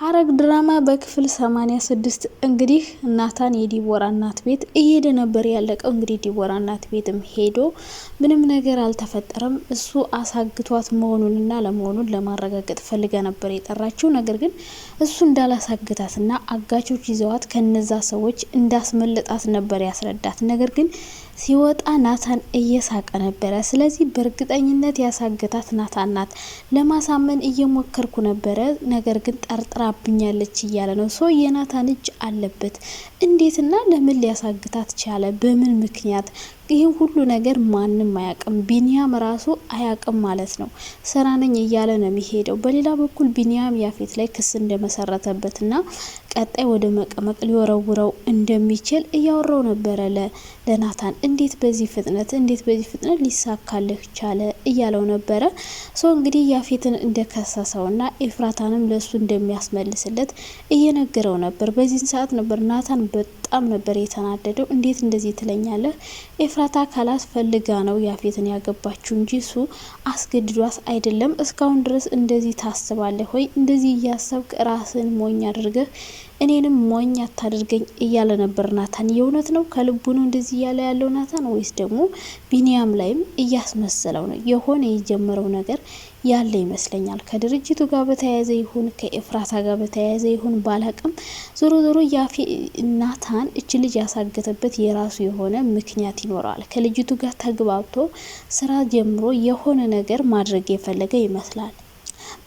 ሐረግ ድራማ በክፍል 86 እንግዲህ ናታን የዲቦራ እናት ቤት እየሄደ ነበር ያለቀው። እንግዲህ ዲቦራ እናት ቤትም ሄዶ ምንም ነገር አልተፈጠረም። እሱ አሳግቷት መሆኑንና ለመሆኑን ለማረጋገጥ ፈልጋ ነበር የጠራችው። ነገር ግን እሱ እንዳላሳግታትና አጋቾች ይዘዋት ከነዛ ሰዎች እንዳስመለጣት ነበር ያስረዳት። ነገር ግን ሲወጣ ናታን እየሳቀ ነበረ። ስለዚህ በእርግጠኝነት ያሳገታት ናታን ናት። ለማሳመን እየሞከርኩ ነበረ፣ ነገር ግን ጠርጥራብኛለች እያለ ነው። ሶ የናታን እጅ አለበት። እንዴትና ለምን ሊያሳግታት ቻለ? በምን ምክንያት ይህን ሁሉ ነገር ማንም አያቅም፣ ቢኒያም ራሱ አያቅም ማለት ነው። ስራ ነኝ እያለ ነው የሚሄደው። በሌላ በኩል ቢኒያም ያፌት ላይ ክስ እንደመሰረተበትና ቀጣይ ወደ መቀመቅ ሊወረውረው እንደሚችል እያወራው ነበረ ለናታን። እንዴት በዚህ ፍጥነት እንዴት በዚህ ፍጥነት ሊሳካልህ ቻለ እያለው ነበረ። ሰው እንግዲህ ያፌትን እንደከሰሰውና ኤፍራታንም ለሱ እንደሚያስመልስለት እየነገረው ነበር። በዚህን ሰዓት ነበር ናታን በጣም ነበር የተናደደው። እንዴት እንደዚህ ትለኛለህ ኤፍራታ ካላስፈልጋ ነው ያፌትን ያገባችው እንጂ እሱ አስገድዷት አይደለም። እስካሁን ድረስ እንደዚህ ታስባለህ ወይ? እንደዚህ እያሰብክ ራስን ሞኝ አድርገህ እኔንም ሞኝ አታድርገኝ እያለ ነበር ናታን። የእውነት ነው ከልቡ ነው እንደዚህ እያለ ያለው ናታን፣ ወይስ ደግሞ ቢኒያም ላይም እያስመሰለው ነው? የሆነ የጀመረው ነገር ያለ ይመስለኛል። ከድርጅቱ ጋር በተያያዘ ይሁን ከኤፍራታ ጋር በተያያዘ ይሁን ባላቅም፣ ዞሮ ዞሮ ያፊ ናታን እች ልጅ ያሳገተበት የራሱ የሆነ ምክንያት ይኖረዋል። ከልጅቱ ጋር ተግባብቶ ስራ ጀምሮ የሆነ ነገር ማድረግ የፈለገ ይመስላል።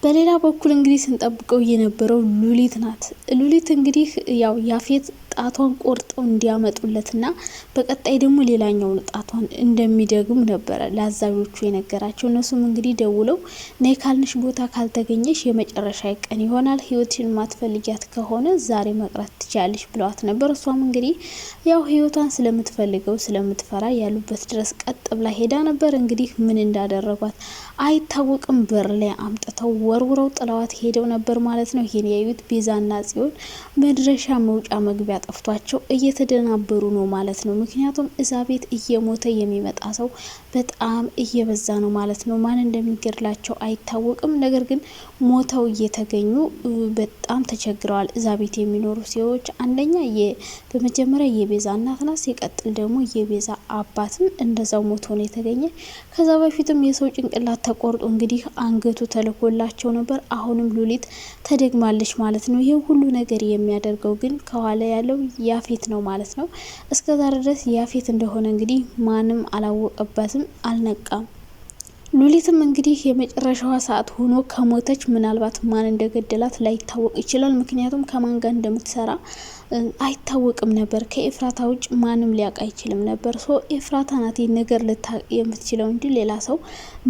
በሌላ በኩል እንግዲህ ስንጠብቀው የነበረው ሉሊት ናት። ሉሊት እንግዲህ ያው ያፌት ጣቷን ቆርጠው እንዲያመጡለትና በቀጣይ ደግሞ ሌላኛውን ጣቷን እንደሚደግም ነበረ ለአዛዦቹ የነገራቸው። እነሱም እንግዲህ ደውለው ነይ ካልንሽ ቦታ ካልተገኘሽ የመጨረሻ ቀን ይሆናል፣ ህይወትሽን ማትፈልጊያት ከሆነ ዛሬ መቅረት ትችያለሽ ብለዋት ነበር። እሷም እንግዲህ ያው ህይወቷን ስለምትፈልገው ስለምትፈራ ያሉበት ድረስ ቀጥ ብላ ሄዳ ነበር። እንግዲህ ምን እንዳደረጓት አይታወቅም። በር ላይ አምጥተው ወርውረው ጥለዋት ሄደው ነበር ማለት ነው። ይሄን ያዩት ቤዛና ጽዮን መድረሻ መውጫ መግቢያ ጠፍቷቸው እየተደናበሩ ነው ማለት ነው። ምክንያቱም እዛ ቤት እየሞተ የሚመጣ ሰው በጣም እየበዛ ነው ማለት ነው። ማን እንደሚገድላቸው አይታወቅም። ነገር ግን ሞተው እየተገኙ በጣም ተቸግረዋል። እዛ ቤት የሚኖሩ ሰዎች አንደኛ በመጀመሪያ የቤዛ እናት ናት። ሲቀጥል ደግሞ የቤዛ አባትም እንደዛው ሞቶ ነው የተገኘ። ከዛ በፊትም የሰው ጭንቅላት ተቆርጦ እንግዲህ አንገቱ ተልኮላቸው ነበር። አሁንም ሉሊት ተደግማለች ማለት ነው። ይህ ሁሉ ነገር የሚያደርገው ግን ከኋላ ያለው ያለው ያፌት ነው ማለት ነው። እስከዛሬ ድረስ ያፌት እንደሆነ እንግዲህ ማንም አላወቀበትም፣ አልነቃም። ሉሊትም እንግዲህ የመጨረሻዋ ሰዓት ሆኖ ከሞተች ምናልባት ማን እንደገደላት ላይታወቅ ይችላል። ምክንያቱም ከማን ጋር እንደምትሰራ አይታወቅም ነበር። ከኤፍራታ ውጭ ማንም ሊያውቅ አይችልም ነበር። ሶ ኤፍራታ ናት ነገር ልታውቅ የምትችለው እንጂ ሌላ ሰው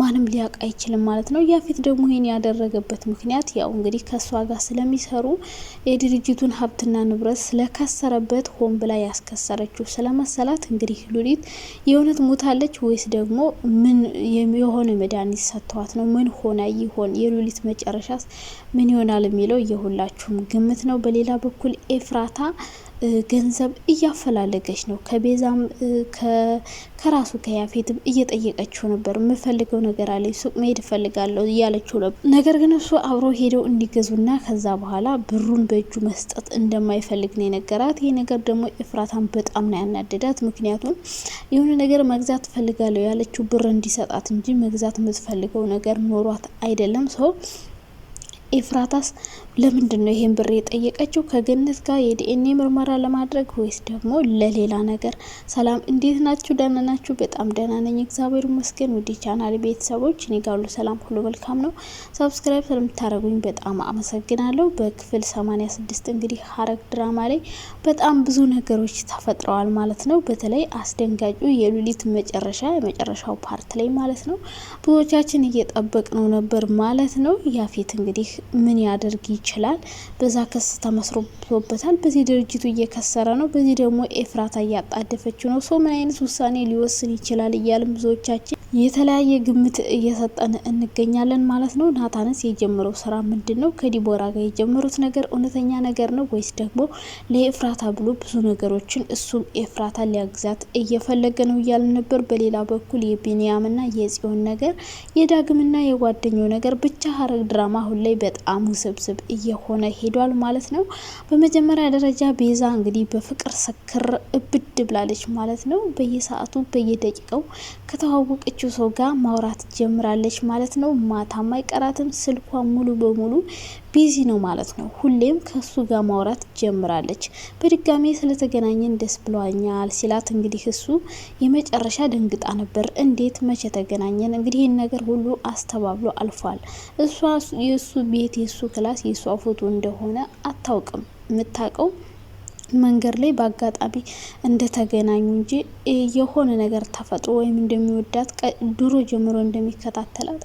ማንም ሊያውቅ አይችልም ማለት ነው። ያፌት ደግሞ ይህን ያደረገበት ምክንያት ያው እንግዲህ ከእሷ ጋር ስለሚሰሩ የድርጅቱን ሀብትና ንብረት ስለከሰረበት ሆን ብላ ያስከሰረችው ስለመሰላት እንግዲህ ሉሊት የእውነት ሞታለች ወይስ ደግሞ ምን የሆነ ምን መድኃኒት ሰጥተዋት ነው? ምን ሆነ ይሆን? የሉሊት መጨረሻስ ምን ይሆናል የሚለው የሁላችሁም ግምት ነው። በሌላ በኩል ኤፍራታ ገንዘብ እያፈላለገች ነው። ከቤዛም ከራሱ ከያፌትም እየጠየቀችው ነበር። የምፈልገው ነገር አለ፣ ሱቅ መሄድ እፈልጋለሁ እያለችው ነበር። ነገር ግን እሱ አብሮ ሄደው እንዲገዙና ከዛ በኋላ ብሩን በእጁ መስጠት እንደማይፈልግ ነው የነገራት። ይህ ነገር ደግሞ ኤፍራታን በጣም ነው ያናደዳት። ምክንያቱም የሆነ ነገር መግዛት እፈልጋለሁ ያለችው ብር እንዲሰጣት እንጂ መግዛት የምትፈልገው ነገር ኖሯት አይደለም ሰው ኤፍራታስ ለምንድን ነው ይሄን ብር የጠየቀችው? ከገነት ጋር የዲኤንኤ ምርመራ ለማድረግ ወይስ ደግሞ ለሌላ ነገር? ሰላም እንዴት ናችሁ? ደህና ናችሁ? በጣም ደህና ነኝ እግዚአብሔር ይመስገን። ውድ ቻናል ቤተሰቦች እኔ ጋር ሁሉ ሰላም፣ ሁሉ መልካም ነው። ሰብስክራይብ ስለምታደርጉኝ በጣም አመሰግናለሁ። በክፍል 86 እንግዲህ ሐረግ ድራማ ላይ በጣም ብዙ ነገሮች ተፈጥረዋል ማለት ነው። በተለይ አስደንጋጩ የሉሊት መጨረሻ የመጨረሻው ፓርት ላይ ማለት ነው ብዙዎቻችን እየጠበቅ ነው ነበር ማለት ነው። ያፌት እንግዲህ ምን ያደርግ ይችላል? በዛ ክስ ተመስርቶበታል። በዚህ ድርጅቱ እየከሰረ ነው፣ በዚህ ደግሞ ኤፍራታ እያጣደፈችው ነው። ሰው ምን አይነት ውሳኔ ሊወስን ይችላል እያልም ብዙዎቻችን የተለያየ ግምት እየሰጠን እንገኛለን ማለት ነው። ናታንስ የጀመረው ስራ ምንድን ነው? ከዲቦራ ጋር የጀመሩት ነገር እውነተኛ ነገር ነው ወይስ ደግሞ ለኤፍራታ ብሎ ብዙ ነገሮችን እሱም ኤፍራታ ሊያግዛት እየፈለገ ነው እያልን ነበር። በሌላ በኩል የቢንያምና የጽዮን ነገር፣ የዳግምና የጓደኛው ነገር ብቻ ሀረግ ድራማ አሁን ላይ በጣም ውስብስብ እየሆነ ሄዷል ማለት ነው። በመጀመሪያ ደረጃ ቤዛ እንግዲህ በፍቅር ስክር እብድ ብላለች ማለት ነው። በየሰዓቱ በየደቂቃው ከተዋወቀች ከፈለገችው ሰው ጋር ማውራት ጀምራለች ማለት ነው። ማታ ማይቀራትም ስልኳ ሙሉ በሙሉ ቢዚ ነው ማለት ነው። ሁሌም ከሱ ጋር ማውራት ጀምራለች። በድጋሚ ስለተገናኘን ደስ ብሏኛል ሲላት እንግዲህ እሱ የመጨረሻ ደንግጣ ነበር። እንዴት መቼ ተገናኘን? እንግዲህ ይህን ነገር ሁሉ አስተባብሎ አልፏል። እሷ የእሱ ቤት የእሱ ክላስ የእሷ ፎቶ እንደሆነ አታውቅም። የምታውቀው መንገድ ላይ በአጋጣሚ እንደተገናኙ እንጂ የሆነ ነገር ተፈጥሮ ወይም እንደሚወዳት ድሮ ጀምሮ እንደሚከታተላት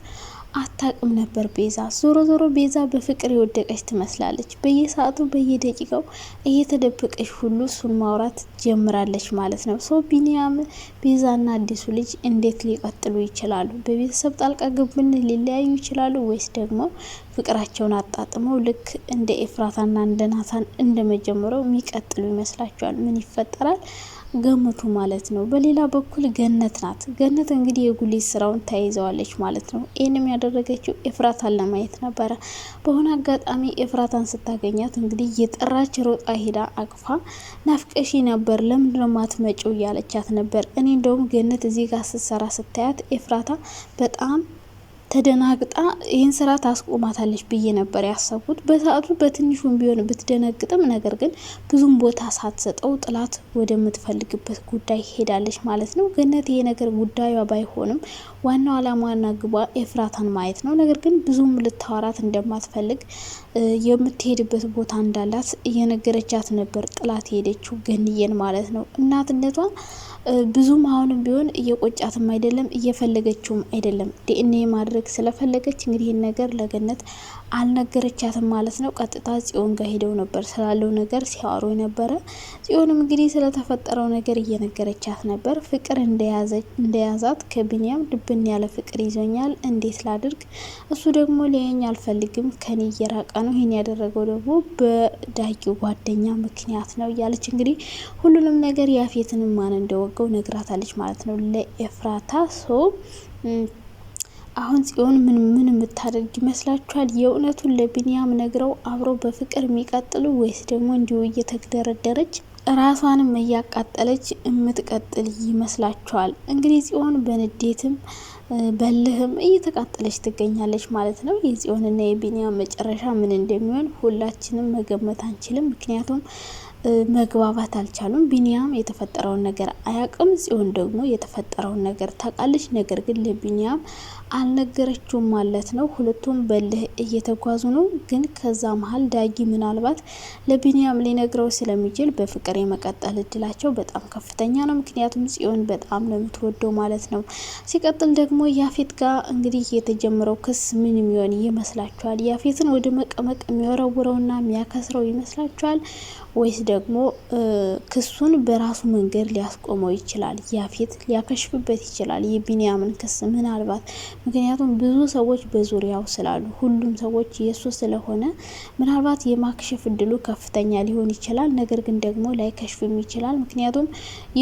አታቅም ነበር ቤዛ። ዞሮ ዞሮ ቤዛ በፍቅር የወደቀች ትመስላለች። በየሰዓቱ በየደቂቃው እየተደበቀች ሁሉ እሱን ማውራት ጀምራለች ማለት ነው። ሰው ቢኒያም ቤዛና አዲሱ ልጅ እንዴት ሊቀጥሉ ይችላሉ? በቤተሰብ ጣልቃ ግብን ሊለያዩ ይችላሉ ወይስ ደግሞ ፍቅራቸውን አጣጥመው ልክ እንደ ኤፍራታና እንደ ናታን እንደመጀመረው የሚቀጥሉ ይመስላቸዋል? ምን ይፈጠራል? ገምቱ ማለት ነው። በሌላ በኩል ገነት ናት። ገነት እንግዲህ የጉሊት ስራውን ተያይዘዋለች ማለት ነው። ይህንም ያደረገችው ኤፍራታን ለማየት ነበረ። በሆነ አጋጣሚ ኤፍራታን ስታገኛት እንግዲህ የጠራች ሮጣ ሄዳ አቅፋ ናፍቀሺ ነበር ለምንድነው ማትመጪው እያለቻት ነበር። እኔ እንደውም ገነት እዚህ ጋር ስትሰራ ስታያት ኤፍራታ በጣም ተደናግጣ ይህን ስራ ታስቆማታለች ብዬ ነበር ያሰብኩት። በሰዓቱ በትንሹም ቢሆን ብትደነግጥም፣ ነገር ግን ብዙም ቦታ ሳትሰጠው ጥላት ወደምትፈልግበት ጉዳይ ሄዳለች ማለት ነው። ገነት ይሄ ነገር ጉዳዩ ባይሆንም ዋናው አላማና ግቧ ኤፍራታን ማየት ነው። ነገር ግን ብዙም ልታወራት እንደማትፈልግ የምትሄድበት ቦታ እንዳላት እየነገረቻት ነበር ጥላት ሄደችው ገንየን ማለት ነው እናትነቷ ብዙም አሁንም ቢሆን እየቆጫትም አይደለም እየፈለገችውም አይደለም። ዲኤንኤ ማድረግ ስለፈለገች እንግዲህ ይህን ነገር ለገነት አልነገረቻትም ማለት ነው። ቀጥታ ጽዮን ጋር ሄደው ነበር ስላለው ነገር ሲያወሩ ነበረ። ጽዮንም እንግዲህ ስለተፈጠረው ነገር እየነገረቻት ነበር። ፍቅር እንደያዛት ከቢንያም ድብን ያለ ፍቅር ይዞኛል፣ እንዴት ላድርግ? እሱ ደግሞ ሊያየኝ አልፈልግም፣ ከኔ እየራቀ ነው። ይህን ያደረገው ደግሞ በዳጊው ጓደኛ ምክንያት ነው እያለች እንግዲህ ሁሉንም ነገር ያፌትንም ማን እንደወ እንደምታደርገው ነግራታለች ማለት ነው ለኤፍራታ ሶ አሁን ጽዮን ምን ምን የምታደርግ ይመስላችኋል? የእውነቱን ለቢንያም ነግረው አብረው በፍቅር የሚቀጥሉ ወይስ ደግሞ እንዲሁ እየተደረደረች ራሷንም እያቃጠለች የምትቀጥል ይመስላችኋል? እንግዲህ ጽዮን በንዴትም በልህም እየተቃጠለች ትገኛለች ማለት ነው። የጽዮንና የቢንያም መጨረሻ ምን እንደሚሆን ሁላችንም መገመት አንችልም። ምክንያቱም መግባባት አልቻሉም። ቢኒያም የተፈጠረውን ነገር አያውቅም፣ ጽዮን ደግሞ የተፈጠረውን ነገር ታውቃለች። ነገር ግን ለቢኒያም አልነገረችውም ማለት ነው። ሁለቱም በልህ እየተጓዙ ነው። ግን ከዛ መሀል ዳጊ ምናልባት ለቢኒያም ሊነግረው ስለሚችል በፍቅር የመቀጠል እድላቸው በጣም ከፍተኛ ነው። ምክንያቱም ጽዮን በጣም ነው የምትወደው ማለት ነው። ሲቀጥል ደግሞ ያፌት ጋር እንግዲህ የተጀመረው ክስ ምን የሚሆን ይመስላችኋል? ያፌትን ወደ መቀመቅ የሚወረውረውና የሚያከስረው ይመስላችኋል? ወይስ ደግሞ ክሱን በራሱ መንገድ ሊያስቆመው ይችላል። ያፌት ሊያከሽፍበት ይችላል የቢንያምን ክስ ምናልባት። ምክንያቱም ብዙ ሰዎች በዙሪያው ስላሉ ሁሉም ሰዎች የእሱ ስለሆነ ምናልባት የማክሸፍ እድሉ ከፍተኛ ሊሆን ይችላል። ነገር ግን ደግሞ ላይከሽፍም ይችላል። ምክንያቱም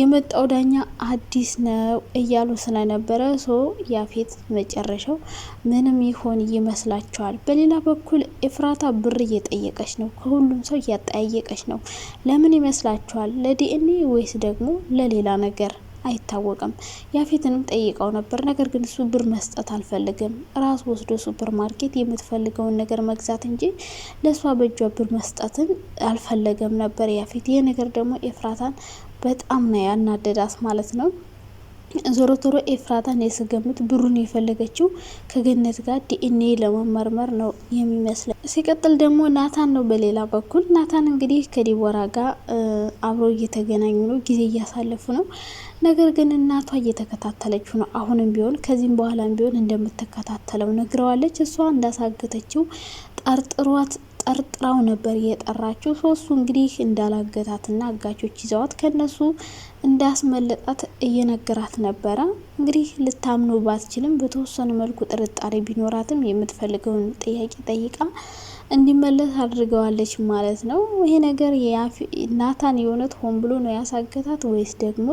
የመጣው ዳኛ አዲስ ነው እያሉ ስለነበረ ሶ ያፌት መጨረሻው ምንም ይሆን ይመስላቸዋል። በሌላ በኩል ኤፍራታ ብር እየጠየቀች ነው፣ ከሁሉም ሰው እያጠያየቀች ነው። ለምን ይመስላችኋል? ለዲኤንኤ ወይስ ደግሞ ለሌላ ነገር? አይታወቅም። ያፌትንም ጠይቀው ነበር። ነገር ግን እሱ ብር መስጠት አልፈልግም፣ ራሱ ወስዶ ሱፐር ማርኬት የምትፈልገውን ነገር መግዛት እንጂ ለእሷ በእጇ ብር መስጠትን አልፈለገም ነበር ያፌት። ይህ ነገር ደግሞ ኤፍራታን በጣም ነው ያናደዳት ማለት ነው። ዞሮ ዞሮ ኤፍራታ ነው የስገምት ብሩን የፈለገችው ከገነት ጋር ዲኤንኤ ለመመርመር ነው የሚመስለው። ሲቀጥል ደግሞ ናታን ነው በሌላ በኩል ናታን እንግዲህ ከዲቦራ ጋር አብሮ እየተገናኙ ነው፣ ጊዜ እያሳለፉ ነው። ነገር ግን እናቷ እየተከታተለችው ነው። አሁንም ቢሆን ከዚህም በኋላም ቢሆን እንደምትከታተለው ነግረዋለች። እሷ እንዳሳገተችው ጠርጥሯት ጠርጥራው ነበር እየጠራችው። ሶስቱ እንግዲህ እንዳላገታትና አጋቾች ይዘዋት ከነሱ እንዳስመለጣት እየነገራት ነበረ። እንግዲህ ልታምኑ ባትችልም በተወሰነ መልኩ ጥርጣሬ ቢኖራትም የምትፈልገውን ጥያቄ ጠይቃ እንዲመለስ አድርገዋለች ማለት ነው። ይሄ ነገር ናታን የእውነት ሆን ብሎ ነው ያሳገታት ወይስ ደግሞ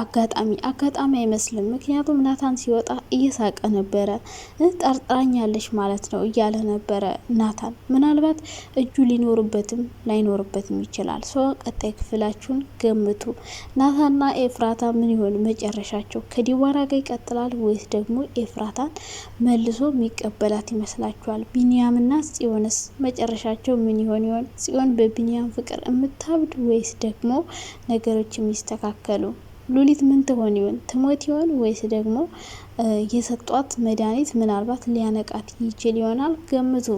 አጋጣሚ? አጋጣሚ አይመስልም። ምክንያቱም ናታን ሲወጣ እየሳቀ ነበረ። ጠርጥራኛለች ማለት ነው እያለ ነበረ ናታን። ምናልባት እጁ ሊኖርበትም ላይኖርበትም ይችላል። ሰው ቀጣይ ክፍላችሁን ገምቱ። ናታና ኤፍራታ ምን ይሆን መጨረሻ መጨረሻቸው ከዲዋራ ጋር ይቀጥላል ወይስ ደግሞ ኤፍራታን መልሶ የሚቀበላት ይመስላችኋል? ቢንያምና ጽዮንስ መጨረሻቸው ምን ይሆን ይሆን? ጽዮን በቢንያም ፍቅር የምታብድ ወይስ ደግሞ ነገሮች የሚስተካከሉ? ሉሊት ምን ትሆን ይሆን? ትሞት ይሆን ወይስ ደግሞ የሰጧት መድኃኒት ምናልባት ሊያነቃት ይችል ይሆናል? ገምቱ።